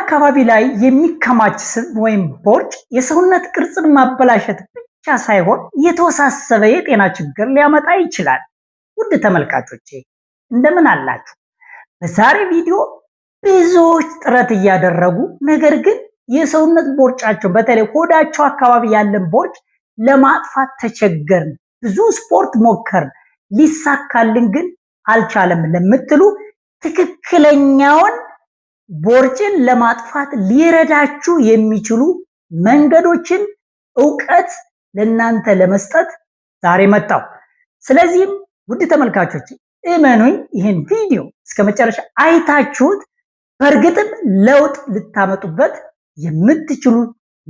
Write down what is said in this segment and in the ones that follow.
አካባቢ ላይ የሚከማች ስብ ወይም ቦርጭ የሰውነት ቅርጽን ማበላሸት ብቻ ሳይሆን የተወሳሰበ የጤና ችግር ሊያመጣ ይችላል። ውድ ተመልካቾቼ እንደምን አላችሁ? በዛሬ ቪዲዮ ብዙዎች ጥረት እያደረጉ ነገር ግን የሰውነት ቦርጫቸውን በተለይ ሆዳቸው አካባቢ ያለን ቦርጭ ለማጥፋት ተቸገርን፣ ብዙ ስፖርት ሞከርን፣ ሊሳካልን ግን አልቻለም ለምትሉ ትክክለኛውን ቦርጭን ለማጥፋት ሊረዳችሁ የሚችሉ መንገዶችን እውቀት ለእናንተ ለመስጠት ዛሬ መጣው። ስለዚህም ውድ ተመልካቾች እመኑኝ፣ ይህን ቪዲዮ እስከ መጨረሻ አይታችሁት በእርግጥም ለውጥ ልታመጡበት የምትችሉ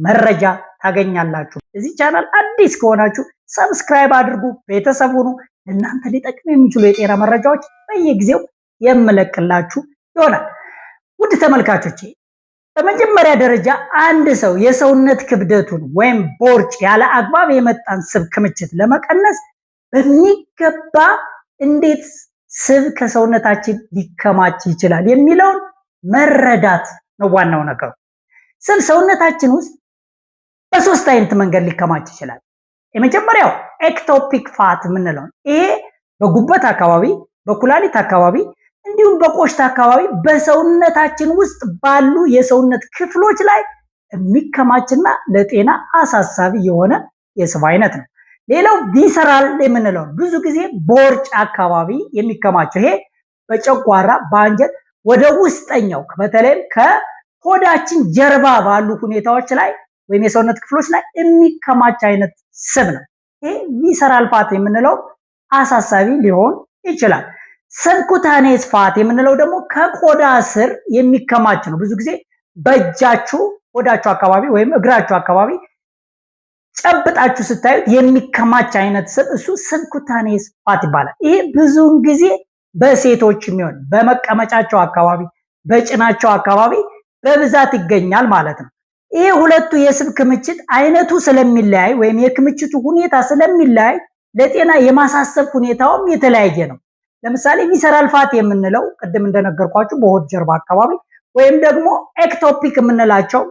መረጃ ታገኛላችሁ። እዚህ ቻናል አዲስ ከሆናችሁ ሰብስክራይብ አድርጉ፣ ቤተሰብ ሁኑ። ለእናንተ ሊጠቅም የሚችሉ የጤና መረጃዎች በየጊዜው የምለቅላችሁ ይሆናል። ውድ ተመልካቾቼ በመጀመሪያ ደረጃ አንድ ሰው የሰውነት ክብደቱን ወይም ቦርጭ ያለ አግባብ የመጣን ስብ ክምችት ለመቀነስ በሚገባ እንዴት ስብ ከሰውነታችን ሊከማች ይችላል የሚለውን መረዳት ነው ዋናው ነገሩ። ስብ ሰውነታችን ውስጥ በሶስት አይነት መንገድ ሊከማች ይችላል። የመጀመሪያው ኤክቶፒክ ፋት የምንለው ይሄ በጉበት አካባቢ፣ በኩላሊት አካባቢ እንዲሁም በቆሽታ አካባቢ በሰውነታችን ውስጥ ባሉ የሰውነት ክፍሎች ላይ የሚከማችና ለጤና አሳሳቢ የሆነ የስብ አይነት ነው። ሌላው ቪሰራል የምንለው ብዙ ጊዜ በወርጭ አካባቢ የሚከማቸው ይሄ በጨጓራ በአንጀት ወደ ውስጠኛው በተለይም ከሆዳችን ጀርባ ባሉ ሁኔታዎች ላይ ወይም የሰውነት ክፍሎች ላይ የሚከማች አይነት ስብ ነው። ይሄ ቪሰራል ፋት የምንለው አሳሳቢ ሊሆን ይችላል። ሰብኩታኔስ ፋት የምንለው ደግሞ ከቆዳ ስር የሚከማች ነው። ብዙ ጊዜ በእጃችሁ ቆዳችሁ አካባቢ ወይም እግራችሁ አካባቢ ጨብጣችሁ ስታዩት የሚከማች አይነት ስብ እሱ ሰብኩታኔስ ፋት ይባላል። ይሄ ብዙውን ጊዜ በሴቶች የሚሆን በመቀመጫቸው አካባቢ፣ በጭናቸው አካባቢ በብዛት ይገኛል ማለት ነው። ይሄ ሁለቱ የስብ ክምችት አይነቱ ስለሚለያይ ወይም የክምችቱ ሁኔታ ስለሚለያይ ለጤና የማሳሰብ ሁኔታውም የተለያየ ነው። ለምሳሌ ቪሰራል ፋት የምንለው ቅድም እንደነገርኳችሁ በሆድ ጀርባ አካባቢ ወይም ደግሞ ኤክቶፒክ የምንላቸው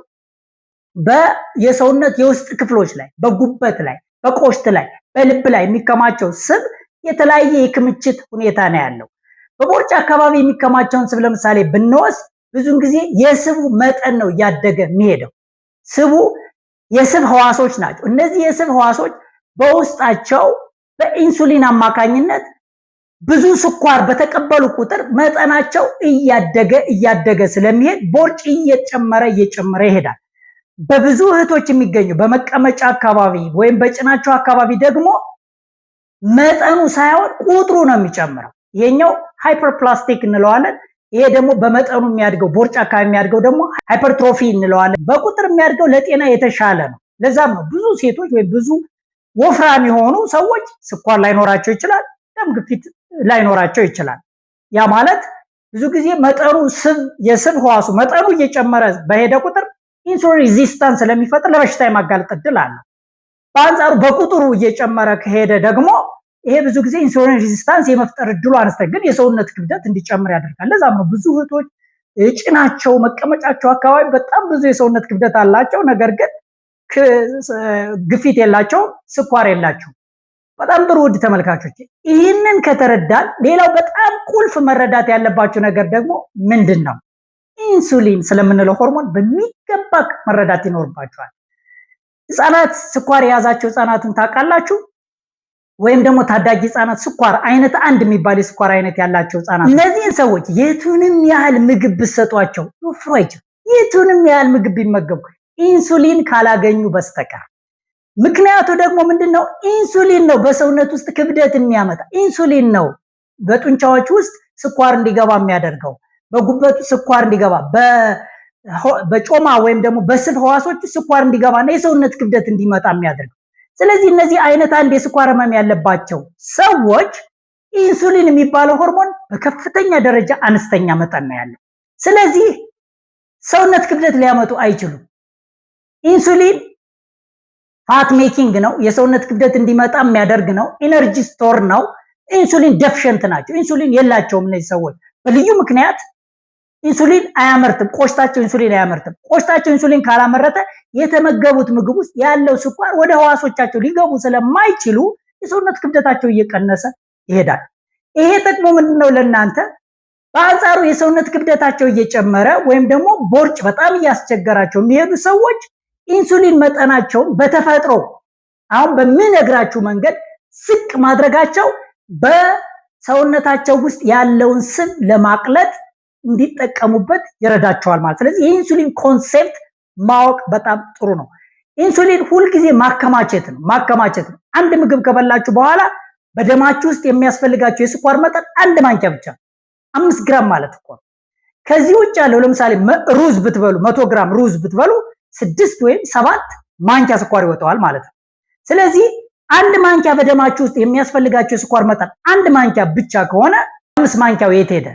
በየሰውነት የውስጥ ክፍሎች ላይ በጉበት ላይ በቆሽት ላይ በልብ ላይ የሚከማቸው ስብ የተለያየ የክምችት ሁኔታ ነው ያለው። በቦርጭ አካባቢ የሚከማቸውን ስብ ለምሳሌ ብንወስድ ብዙን ጊዜ የስቡ መጠን ነው እያደገ የሚሄደው። ስቡ የስብ ህዋሶች ናቸው። እነዚህ የስብ ህዋሶች በውስጣቸው በኢንሱሊን አማካኝነት ብዙ ስኳር በተቀበሉ ቁጥር መጠናቸው እያደገ እያደገ ስለሚሄድ ቦርጭ እየጨመረ እየጨመረ ይሄዳል። በብዙ እህቶች የሚገኙ በመቀመጫ አካባቢ ወይም በጭናቸው አካባቢ ደግሞ መጠኑ ሳይሆን ቁጥሩ ነው የሚጨምረው። ይሄኛው ሃይፐርፕላስቲክ እንለዋለን። ይሄ ደግሞ በመጠኑ የሚያድገው ቦርጭ አካባቢ የሚያድገው ደግሞ ሃይፐርትሮፊ እንለዋለን። በቁጥር የሚያድገው ለጤና የተሻለ ነው። ለዛም ነው ብዙ ሴቶች ወይም ብዙ ወፍራም የሆኑ ሰዎች ስኳር ላይኖራቸው ይችላል፣ ደም ግፊት ላይኖራቸው ይችላል። ያ ማለት ብዙ ጊዜ መጠኑ ስብ የስብ ህዋሱ መጠኑ እየጨመረ በሄደ ቁጥር ኢንሱሊን ሪዚስታንስ ስለሚፈጥር ለበሽታ የማጋለጥ እድል አለ። በአንጻሩ በቁጥሩ እየጨመረ ከሄደ ደግሞ ይሄ ብዙ ጊዜ ኢንሱሊን ሪዚስታንስ የመፍጠር እድሉ አነስተኛ ግን የሰውነት ክብደት እንዲጨምር ያደርጋል። ለዛም ነው ብዙ እህቶች እጭናቸው መቀመጫቸው አካባቢ በጣም ብዙ የሰውነት ክብደት አላቸው፣ ነገር ግን ግፊት የላቸውም፣ ስኳር የላቸውም። በጣም ጥሩ ውድ ተመልካቾች፣ ይህንን ከተረዳን ሌላው በጣም ቁልፍ መረዳት ያለባቸው ነገር ደግሞ ምንድን ነው? ኢንሱሊን ስለምንለው ሆርሞን በሚገባ መረዳት ይኖርባቸዋል ህጻናት ስኳር የያዛቸው ህጻናትን ታውቃላችሁ? ወይም ደግሞ ታዳጊ ህጻናት ስኳር አይነት አንድ የሚባል የስኳር አይነት ያላቸው ህጻናት፣ እነዚህን ሰዎች የቱንም ያህል ምግብ ብሰጧቸው ወፍሮ አይችልም። የቱንም ያህል ምግብ ቢመገቡ ኢንሱሊን ካላገኙ በስተቀር ምክንያቱ ደግሞ ምንድን ነው? ኢንሱሊን ነው። በሰውነት ውስጥ ክብደት የሚያመጣ ኢንሱሊን ነው። በጡንቻዎች ውስጥ ስኳር እንዲገባ የሚያደርገው በጉበቱ ስኳር እንዲገባ በጮማ ወይም ደግሞ በስብ ህዋሶች ስኳር እንዲገባና የሰውነት ክብደት እንዲመጣ የሚያደርገው። ስለዚህ እነዚህ አይነት አንድ የስኳር ህመም ያለባቸው ሰዎች ኢንሱሊን የሚባለው ሆርሞን በከፍተኛ ደረጃ አነስተኛ መጠን ነው ያለው። ስለዚህ ሰውነት ክብደት ሊያመጡ አይችሉም። ኢንሱሊን ፋት ሜኪንግ ነው። የሰውነት ክብደት እንዲመጣ የሚያደርግ ነው። ኢነርጂ ስቶር ነው። ኢንሱሊን ደፍሸንት ናቸው። ኢንሱሊን የላቸውም እነዚህ ሰዎች በልዩ ምክንያት ኢንሱሊን አያመርትም ቆሽታቸው፣ ኢንሱሊን አያመርትም ቆሽታቸው። ኢንሱሊን ካላመረተ የተመገቡት ምግብ ውስጥ ያለው ስኳር ወደ ህዋሶቻቸው ሊገቡ ስለማይችሉ የሰውነት ክብደታቸው እየቀነሰ ይሄዳል። ይሄ ጥቅሙ ምንድን ነው ለእናንተ? በአንጻሩ የሰውነት ክብደታቸው እየጨመረ ወይም ደግሞ ቦርጭ በጣም እያስቸገራቸው የሚሄዱ ሰዎች ኢንሱሊን መጠናቸውን በተፈጥሮ አሁን በሚነግራችሁ መንገድ ዝቅ ማድረጋቸው በሰውነታቸው ውስጥ ያለውን ስብ ለማቅለጥ እንዲጠቀሙበት ይረዳቸዋል ማለት። ስለዚህ የኢንሱሊን ኮንሴፕት ማወቅ በጣም ጥሩ ነው። ኢንሱሊን ሁልጊዜ ማከማቸት ነው ማከማቸት ነው። አንድ ምግብ ከበላችሁ በኋላ በደማችሁ ውስጥ የሚያስፈልጋቸው የስኳር መጠን አንድ ማንኪያ ብቻ አምስት ግራም ማለት እኮ ነው። ከዚህ ውጭ ያለው ለምሳሌ ሩዝ ብትበሉ መቶ ግራም ሩዝ ብትበሉ ስድስት ወይም ሰባት ማንኪያ ስኳር ይወጣዋል ማለት ነው። ስለዚህ አንድ ማንኪያ በደማችሁ ውስጥ የሚያስፈልጋቸው የስኳር መጠን አንድ ማንኪያ ብቻ ከሆነ አምስት ማንኪያው የት ሄደ?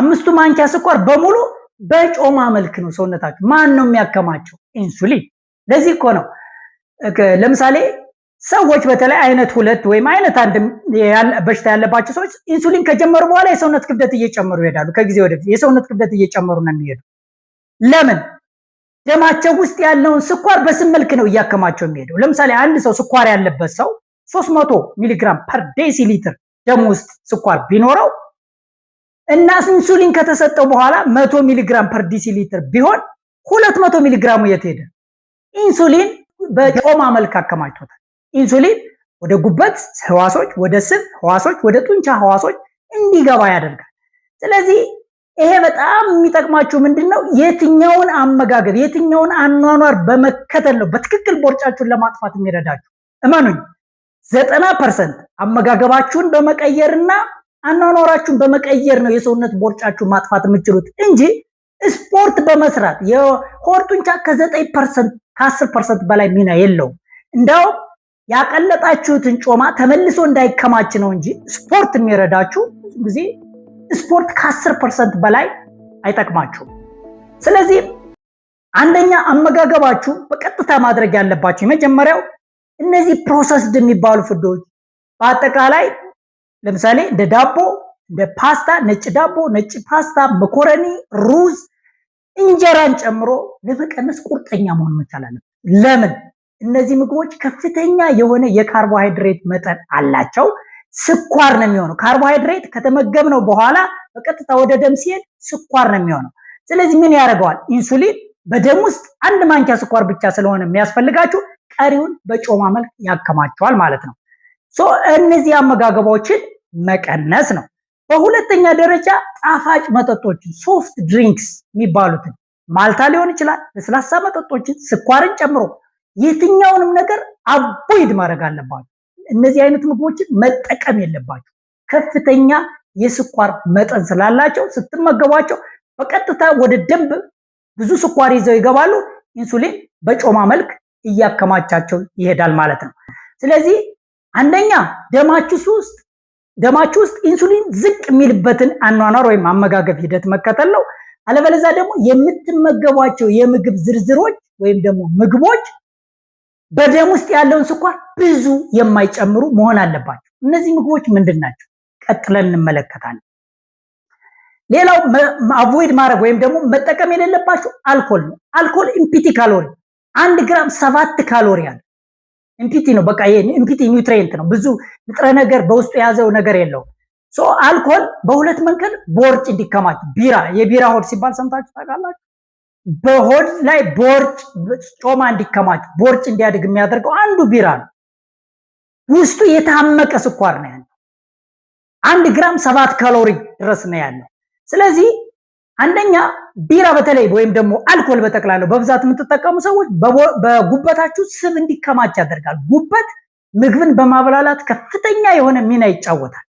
አምስቱ ማንኪያ ስኳር በሙሉ በጮማ መልክ ነው ሰውነታችሁ። ማን ነው የሚያከማቸው? ኢንሱሊን። ለዚህ እኮ ነው ለምሳሌ ሰዎች በተለይ አይነት ሁለት ወይም አይነት አንድ በሽታ ያለባቸው ሰዎች ኢንሱሊን ከጀመሩ በኋላ የሰውነት ክብደት እየጨመሩ ይሄዳሉ። ከጊዜ ወደ ጊዜ የሰውነት ክብደት እየጨመሩ ነው የሚሄዱ። ለምን? ደማቸው ውስጥ ያለውን ስኳር በስም መልክ ነው እያከማቸው የሚሄደው። ለምሳሌ አንድ ሰው ስኳር ያለበት ሰው 300 ሚሊግራም ፐር ዴሲ ሊትር ደም ውስጥ ስኳር ቢኖረው እና ኢንሱሊን ከተሰጠው በኋላ 100 ሚሊግራም ፐር ዲሲ ሊትር ቢሆን 200 ሚሊግራሙ የት ሄደ? ኢንሱሊን በጮማ መልክ አከማችቶታል። ኢንሱሊን ወደ ጉበት ህዋሶች፣ ወደ ስብ ህዋሶች፣ ወደ ጡንቻ ህዋሶች እንዲገባ ያደርጋል። ስለዚህ ይሄ በጣም የሚጠቅማችሁ ምንድን ነው? የትኛውን አመጋገብ የትኛውን አኗኗር በመከተል ነው በትክክል ቦርጫችሁን ለማጥፋት የሚረዳችሁ። እመኑኝ ዘጠና ፐርሰንት አመጋገባችሁን በመቀየርና አኗኗራችሁን በመቀየር ነው የሰውነት ቦርጫችሁን ማጥፋት የምችሉት እንጂ ስፖርት በመስራት የሆድ ጡንቻ ከዘጠኝ ፐርሰንት ከአስር ፐርሰንት በላይ ሚና የለውም። እንዳው ያቀለጣችሁትን ጮማ ተመልሶ እንዳይከማች ነው እንጂ ስፖርት የሚረዳችሁ ብዙ ጊዜ ስፖርት ከ10 ፐርሰንት በላይ አይጠቅማችሁም። ስለዚህ አንደኛ አመጋገባችሁ በቀጥታ ማድረግ ያለባችሁ የመጀመሪያው እነዚህ ፕሮሰስድ የሚባሉ ፍዶች በአጠቃላይ ለምሳሌ እንደ ዳቦ፣ እንደ ፓስታ፣ ነጭ ዳቦ፣ ነጭ ፓስታ፣ መኮረኒ፣ ሩዝ፣ እንጀራን ጨምሮ ለመቀነስ ቁርጠኛ መሆን መቻል ለምን? እነዚህ ምግቦች ከፍተኛ የሆነ የካርቦሃይድሬት መጠን አላቸው። ስኳር ነው የሚሆነው። ካርቦሃይድሬት ከተመገብነው በኋላ በቀጥታ ወደ ደም ሲሄድ ስኳር ነው የሚሆነው። ስለዚህ ምን ያደርገዋል? ኢንሱሊን በደም ውስጥ አንድ ማንኪያ ስኳር ብቻ ስለሆነ የሚያስፈልጋችሁ ቀሪውን በጮማ መልክ ያከማቸዋል ማለት ነው። ሶ እነዚህ አመጋገባዎችን መቀነስ ነው። በሁለተኛ ደረጃ ጣፋጭ መጠጦችን ሶፍት ድሪንክስ የሚባሉትን ማልታ ሊሆን ይችላል፣ ለስላሳ መጠጦችን ስኳርን ጨምሮ የትኛውንም ነገር አቮይድ ማድረግ አለባቸው። እነዚህ አይነት ምግቦችን መጠቀም የለባቸው ከፍተኛ የስኳር መጠን ስላላቸው ስትመገቧቸው በቀጥታ ወደ ደንብ ብዙ ስኳር ይዘው ይገባሉ። ኢንሱሊን በጮማ መልክ እያከማቻቸው ይሄዳል ማለት ነው። ስለዚህ አንደኛ ደማችሁ ውስጥ ደማችሁ ውስጥ ኢንሱሊን ዝቅ የሚልበትን አኗኗር ወይም አመጋገብ ሂደት መከተል ነው። አለበለዛ ደግሞ የምትመገቧቸው የምግብ ዝርዝሮች ወይም ደግሞ ምግቦች በደም ውስጥ ያለውን ስኳር ብዙ የማይጨምሩ መሆን አለባቸው። እነዚህ ምግቦች ምንድን ናቸው? ቀጥለን እንመለከታለን። ሌላው አቮይድ ማድረግ ወይም ደግሞ መጠቀም የሌለባቸው አልኮል ነው። አልኮል ኢምፒቲ ካሎሪ አንድ ግራም ሰባት ካሎሪ አለ። ኢምፒቲ ነው፣ በቃ ይሄ ኢምፒቲ ኒውትሪየንት ነው። ብዙ ንጥረ ነገር በውስጡ የያዘው ነገር የለውም። ሶ አልኮል በሁለት መንገድ ቦርጭ እንዲከማች ቢራ፣ የቢራ ሆድ ሲባል ሰምታችሁ ታውቃላችሁ። በሆድ ላይ ቦርጭ ጮማ እንዲከማች ቦርጭ እንዲያድግ የሚያደርገው አንዱ ቢራ ነው። ውስጡ የታመቀ ስኳር ነው ያለው። አንድ ግራም ሰባት ካሎሪ ድረስ ነው ያለው። ስለዚህ አንደኛ ቢራ በተለይ ወይም ደግሞ አልኮል በጠቅላላው በብዛት የምትጠቀሙ ሰዎች በጉበታችሁ ስብ እንዲከማች ያደርጋል። ጉበት ምግብን በማብላላት ከፍተኛ የሆነ ሚና ይጫወታል።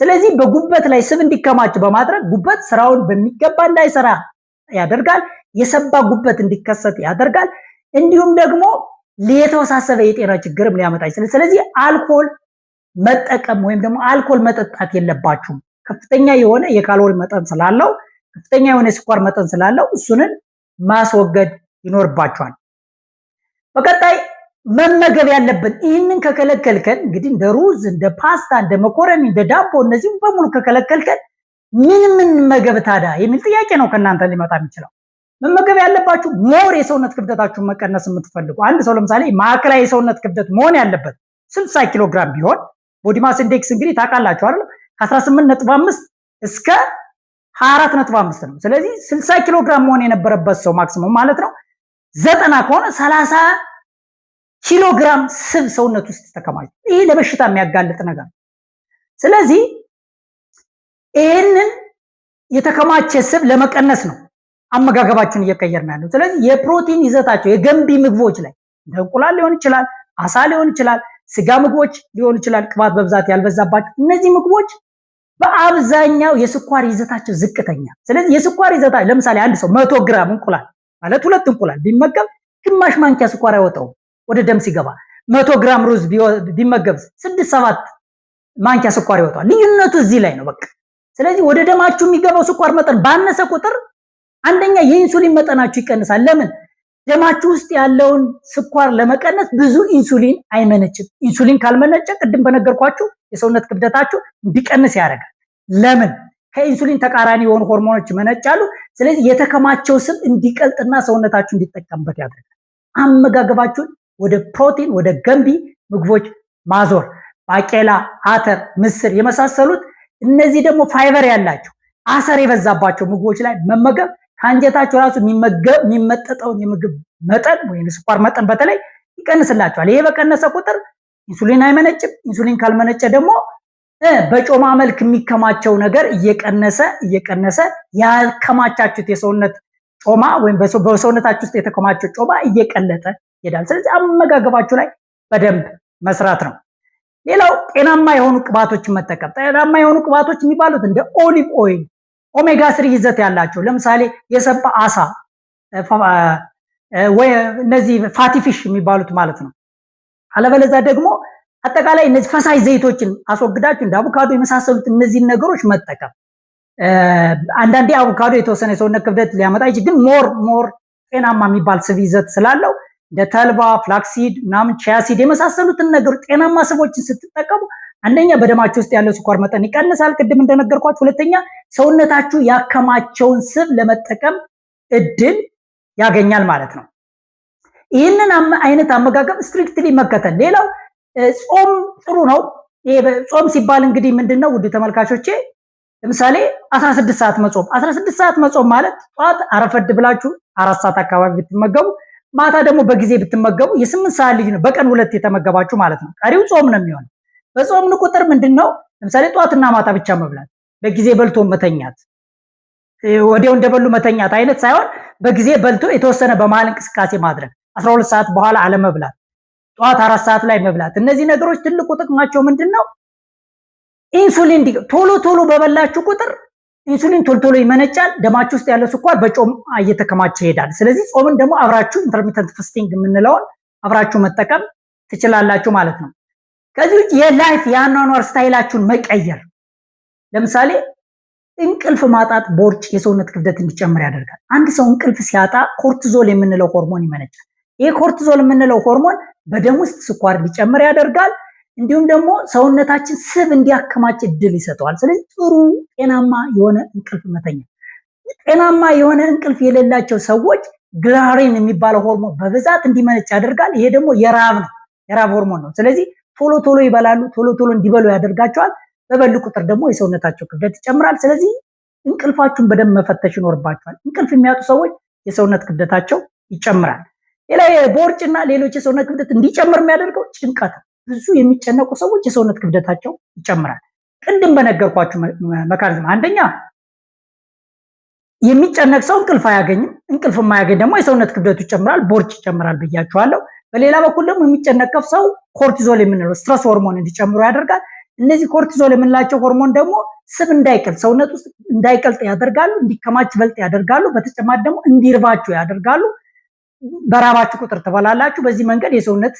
ስለዚህ በጉበት ላይ ስብ እንዲከማች በማድረግ ጉበት ስራውን በሚገባ እንዳይሰራ ያደርጋል። የሰባ ጉበት እንዲከሰት ያደርጋል። እንዲሁም ደግሞ የተወሳሰበ የጤና ችግርም ሊያመጣ ይችላል። ስለዚህ አልኮል መጠቀም ወይም ደግሞ አልኮል መጠጣት የለባችሁም። ከፍተኛ የሆነ የካሎሪ መጠን ስላለው፣ ከፍተኛ የሆነ የስኳር መጠን ስላለው እሱንን ማስወገድ ይኖርባችኋል። በቀጣይ መመገብ ያለብን ይህንን ከከለከልከን እንግዲህ እንደ ሩዝ፣ እንደ ፓስታ፣ እንደ መኮረኒ፣ እንደ ዳቦ እነዚህም በሙሉ ከከለከልከን ምን ምን መገብ ታዲያ የሚል ጥያቄ ነው ከእናንተ ሊመጣ የሚችለው። መመገብ ያለባችሁ ሞር የሰውነት ክብደታችሁን መቀነስ የምትፈልጉ አንድ ሰው ለምሳሌ ማዕከላዊ የሰውነት ክብደት መሆን ያለበት 60 ኪሎ ግራም ቢሆን ቦዲማስ ኢንዴክስ እንግዲህ ታውቃላችሁ አይደል ከ18.5 እስከ 24.5 ነው። ስለዚህ 60 ኪሎ ግራም መሆን የነበረበት ሰው ማክሲመም ማለት ነው ዘጠና ከሆነ 30 ኪሎ ግራም ስብ ሰውነት ውስጥ ተከማች። ይሄ ለበሽታ የሚያጋልጥ ነገር ነው። ስለዚህ ይህንን የተከማቸ ስብ ለመቀነስ ነው አመጋገባችሁን እየቀየርን ያለው። ስለዚህ የፕሮቲን ይዘታቸው የገንቢ ምግቦች ላይ እንደ እንቁላል ሊሆን ይችላል፣ አሳ ሊሆን ይችላል፣ ስጋ ምግቦች ሊሆን ይችላል፣ ቅባት በብዛት ያልበዛባቸው እነዚህ ምግቦች በአብዛኛው የስኳር ይዘታቸው ዝቅተኛ። ስለዚህ የስኳር ይዘታቸው ለምሳሌ አንድ ሰው መቶ ግራም እንቁላል ማለት ሁለት እንቁላል ቢመገብ ግማሽ ማንኪያ ስኳር አይወጣውም ወደ ደም ሲገባ። መቶ ግራም ሩዝ ቢመገብ ስድስት ሰባት ማንኪያ ስኳር ይወጣዋል። ልዩነቱ እዚህ ላይ ነው በቃ። ስለዚህ ወደ ደማችሁ የሚገባው ስኳር መጠን ባነሰ ቁጥር አንደኛ የኢንሱሊን መጠናችሁ ይቀንሳል። ለምን? ደማችሁ ውስጥ ያለውን ስኳር ለመቀነስ ብዙ ኢንሱሊን አይመነጭም። ኢንሱሊን ካልመነጨ ቅድም በነገርኳችሁ የሰውነት ክብደታችሁ እንዲቀንስ ያደርጋል። ለምን? ከኢንሱሊን ተቃራኒ የሆኑ ሆርሞኖች ይመነጫሉ። ስለዚህ የተከማቸው ስብ እንዲቀልጥና ሰውነታችሁ እንዲጠቀምበት ያደርጋል። አመጋገባችሁን ወደ ፕሮቲን፣ ወደ ገንቢ ምግቦች ማዞር ባቄላ፣ አተር፣ ምስር የመሳሰሉት እነዚህ ደግሞ ፋይበር ያላቸው አሰር የበዛባቸው ምግቦች ላይ መመገብ ከአንጀታቸው ራሱ የሚመጠጠውን የምግብ መጠን ወይም የስኳር መጠን በተለይ ይቀንስላቸዋል። ይሄ በቀነሰ ቁጥር ኢንሱሊን አይመነጭም። ኢንሱሊን ካልመነጨ ደግሞ በጮማ መልክ የሚከማቸው ነገር እየቀነሰ እየቀነሰ ያከማቻችሁት የሰውነት ጮማ ወይም በሰውነታችሁ ውስጥ የተከማቸው ጮማ እየቀለጠ ይሄዳል። ስለዚህ አመጋገባችሁ ላይ በደንብ መስራት ነው። ሌላው ጤናማ የሆኑ ቅባቶችን መጠቀም። ጤናማ የሆኑ ቅባቶች የሚባሉት እንደ ኦሊቭ ኦይል ኦሜጋ ስሪ ይዘት ያላቸው ለምሳሌ የሰባ አሳ ወይ እነዚህ ፋቲፊሽ የሚባሉት ማለት ነው። አለበለዛ ደግሞ አጠቃላይ እነዚህ ፈሳሽ ዘይቶችን አስወግዳችሁ እንደ አቮካዶ የመሳሰሉት እነዚህን ነገሮች መጠቀም። አንዳንዴ አቮካዶ የተወሰነ የሰውነት ክብደት ሊያመጣ ይችል፣ ግን ሞር ሞር ጤናማ የሚባል ስብ ይዘት ስላለው እንደ ተልባ፣ ፍላክሲድ ምናምን፣ ቺያሲድ የመሳሰሉትን ነገሮች ጤናማ ስቦችን ስትጠቀሙ አንደኛ በደማችሁ ውስጥ ያለው ስኳር መጠን ይቀንሳል፣ ቅድም እንደነገርኳችሁ። ሁለተኛ ሰውነታችሁ ያከማቸውን ስብ ለመጠቀም እድል ያገኛል ማለት ነው። ይህንን አይነት አመጋገብ ስትሪክትሊ መከተል። ሌላው ጾም ጥሩ ነው። ጾም ሲባል እንግዲህ ምንድነው ውድ ተመልካቾቼ? ለምሳሌ 16 ሰዓት መጾም። 16 ሰዓት መጾም ማለት ጠዋት አረፈድ ብላችሁ አራት ሰዓት አካባቢ ብትመገቡ፣ ማታ ደግሞ በጊዜ ብትመገቡ የስምንት ሰዓት ልጅ ነው። በቀን ሁለት የተመገባችሁ ማለት ነው። ቀሪው ጾም ነው የሚሆነው። በጾምን ቁጥር ምንድን ነው ለምሳሌ ጠዋትና ማታ ብቻ መብላት፣ በጊዜ በልቶ መተኛት፣ ወዲያው እንደበሉ መተኛት አይነት ሳይሆን በጊዜ በልቶ የተወሰነ በመሃል እንቅስቃሴ ማድረግ፣ 12 ሰዓት በኋላ አለመብላት፣ ጠዋት አራት ሰዓት ላይ መብላት። እነዚህ ነገሮች ትልቁ ጥቅማቸው ምንድን ነው? ኢንሱሊን ቶሎ ቶሎ በበላችሁ ቁጥር ኢንሱሊን ቶሎ ቶሎ ይመነጫል። ደማችሁ ውስጥ ያለው ስኳር በጾም እየተከማቸ ይሄዳል። ስለዚህ ጾምን ደግሞ አብራችሁ ኢንተርሚተንት ፋስቲንግ የምንለውን አብራችሁ መጠቀም ትችላላችሁ ማለት ነው። ከዚህ ውጭ የላይፍ የአኗኗር ስታይላችሁን መቀየር፣ ለምሳሌ እንቅልፍ ማጣት ቦርጭ የሰውነት ክብደት እንዲጨምር ያደርጋል። አንድ ሰው እንቅልፍ ሲያጣ ኮርቲዞል የምንለው ሆርሞን ይመነጫል። ይህ ኮርቲዞል የምንለው ሆርሞን በደም ውስጥ ስኳር እንዲጨምር ያደርጋል። እንዲሁም ደግሞ ሰውነታችን ስብ እንዲያከማች እድል ይሰጠዋል። ስለዚህ ጥሩ ጤናማ የሆነ እንቅልፍ መተኛት። ጤናማ የሆነ እንቅልፍ የሌላቸው ሰዎች ግላሪን የሚባለው ሆርሞን በብዛት እንዲመነጭ ያደርጋል። ይሄ ደግሞ የራብ ነው፣ የራብ ሆርሞን ነው። ስለዚህ ቶሎ ቶሎ ይበላሉ፣ ቶሎ ቶሎ እንዲበሉ ያደርጋቸዋል። በበሉ ቁጥር ደግሞ የሰውነታቸው ክብደት ይጨምራል። ስለዚህ እንቅልፋችሁን በደንብ መፈተሽ ይኖርባቸዋል። እንቅልፍ የሚያጡ ሰዎች የሰውነት ክብደታቸው ይጨምራል። ሌላ ቦርጭና ሌሎች የሰውነት ክብደት እንዲጨምር የሚያደርገው ጭንቀት፣ ብዙ የሚጨነቁ ሰዎች የሰውነት ክብደታቸው ይጨምራል። ቅድም በነገርኳችሁ መካኒዝም አንደኛ የሚጨነቅ ሰው እንቅልፍ አያገኝም። እንቅልፍ የማያገኝ ደግሞ የሰውነት ክብደቱ ይጨምራል፣ ቦርጭ ይጨምራል ብያችኋለሁ። በሌላ በኩል ደግሞ የሚጨነቀፍ ሰው ኮርቲዞል የምንለው ስትረስ ሆርሞን እንዲጨምሩ ያደርጋል። እነዚህ ኮርቲዞል የምንላቸው ሆርሞን ደግሞ ስብ እንዳይቀልጥ ሰውነት ውስጥ እንዳይቀልጥ ያደርጋሉ፣ እንዲከማች በልጥ ያደርጋሉ። በተጨማሪ ደግሞ እንዲርባችሁ ያደርጋሉ። በራባችሁ ቁጥር ትበላላችሁ። በዚህ መንገድ የሰውነት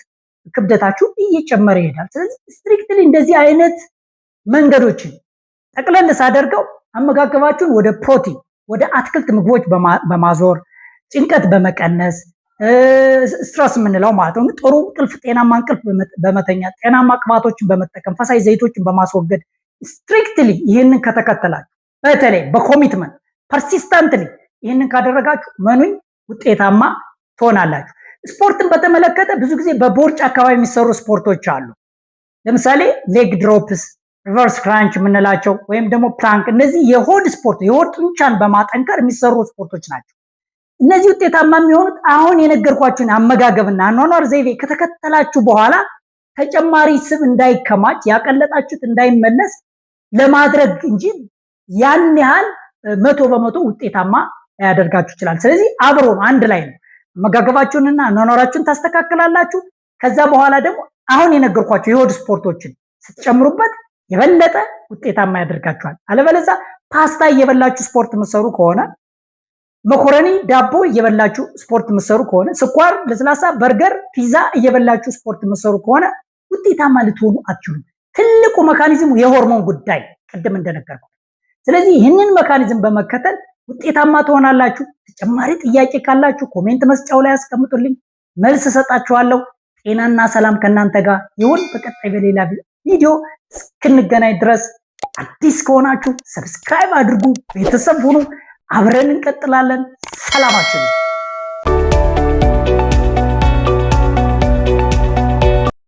ክብደታችሁ እየጨመረ ይሄዳል። ስለዚህ ስትሪክትሊ እንደዚህ አይነት መንገዶችን ጠቅለል ሳደርገው አመጋገባችሁን ወደ ፕሮቲን ወደ አትክልት ምግቦች በማዞር ጭንቀት በመቀነስ ስትረስ የምንለው ማለት ነው። ጥሩ እንቅልፍ፣ ጤናማ እንቅልፍ በመተኛ ጤናማ ቅባቶችን በመጠቀም ፈሳሽ ዘይቶችን በማስወገድ ስትሪክትሊ ይህንን ከተከተላችሁ፣ በተለይ በኮሚትመንት ፐርሲስታንትሊ ይህንን ካደረጋችሁ መኑኝ ውጤታማ ትሆናላችሁ። ስፖርትን በተመለከተ ብዙ ጊዜ በቦርጭ አካባቢ የሚሰሩ ስፖርቶች አሉ። ለምሳሌ ሌግ ድሮፕስ፣ ሪቨርስ ክራንች የምንላቸው ወይም ደግሞ ፕላንክ፣ እነዚህ የሆድ ስፖርት የሆድ ጡንቻን በማጠንከር የሚሰሩ ስፖርቶች ናቸው። እነዚህ ውጤታማ የሚሆኑት አሁን የነገርኳችሁን አመጋገብና አኗኗር ዘይቤ ከተከተላችሁ በኋላ ተጨማሪ ስብ እንዳይከማች ያቀለጣችሁት እንዳይመለስ ለማድረግ እንጂ ያን ያህል መቶ በመቶ ውጤታማ ያደርጋችሁ ይችላል። ስለዚህ አብሮ ነው፣ አንድ ላይ ነው። አመጋገባችሁንና አኗኗራችሁን ታስተካክላላችሁ። ከዛ በኋላ ደግሞ አሁን የነገርኳችሁ የሆድ ስፖርቶችን ስትጨምሩበት የበለጠ ውጤታማ ያደርጋችኋል። አለበለዛ ፓስታ እየበላችሁ ስፖርት የምትሰሩ ከሆነ መኮረኒ ዳቦ እየበላችሁ ስፖርት የምትሰሩ ከሆነ ስኳር፣ ለስላሳ፣ በርገር፣ ፒዛ እየበላችሁ ስፖርት የምትሰሩ ከሆነ ውጤታማ ልትሆኑ አትችሉም። ትልቁ መካኒዝሙ የሆርሞን ጉዳይ ቅድም እንደነገርኩ። ስለዚህ ይህንን መካኒዝም በመከተል ውጤታማ ትሆናላችሁ። ተጨማሪ ጥያቄ ካላችሁ ኮሜንት መስጫው ላይ ያስቀምጡልኝ፣ መልስ እሰጣችኋለሁ። ጤናና ሰላም ከእናንተ ጋር ይሁን። በቀጣይ በሌላ ቪዲዮ እስክንገናኝ ድረስ አዲስ ከሆናችሁ ሰብስክራይብ አድርጉ፣ ቤተሰብ ሁኑ። አብረን እንቀጥላለን። ሰላማችሁ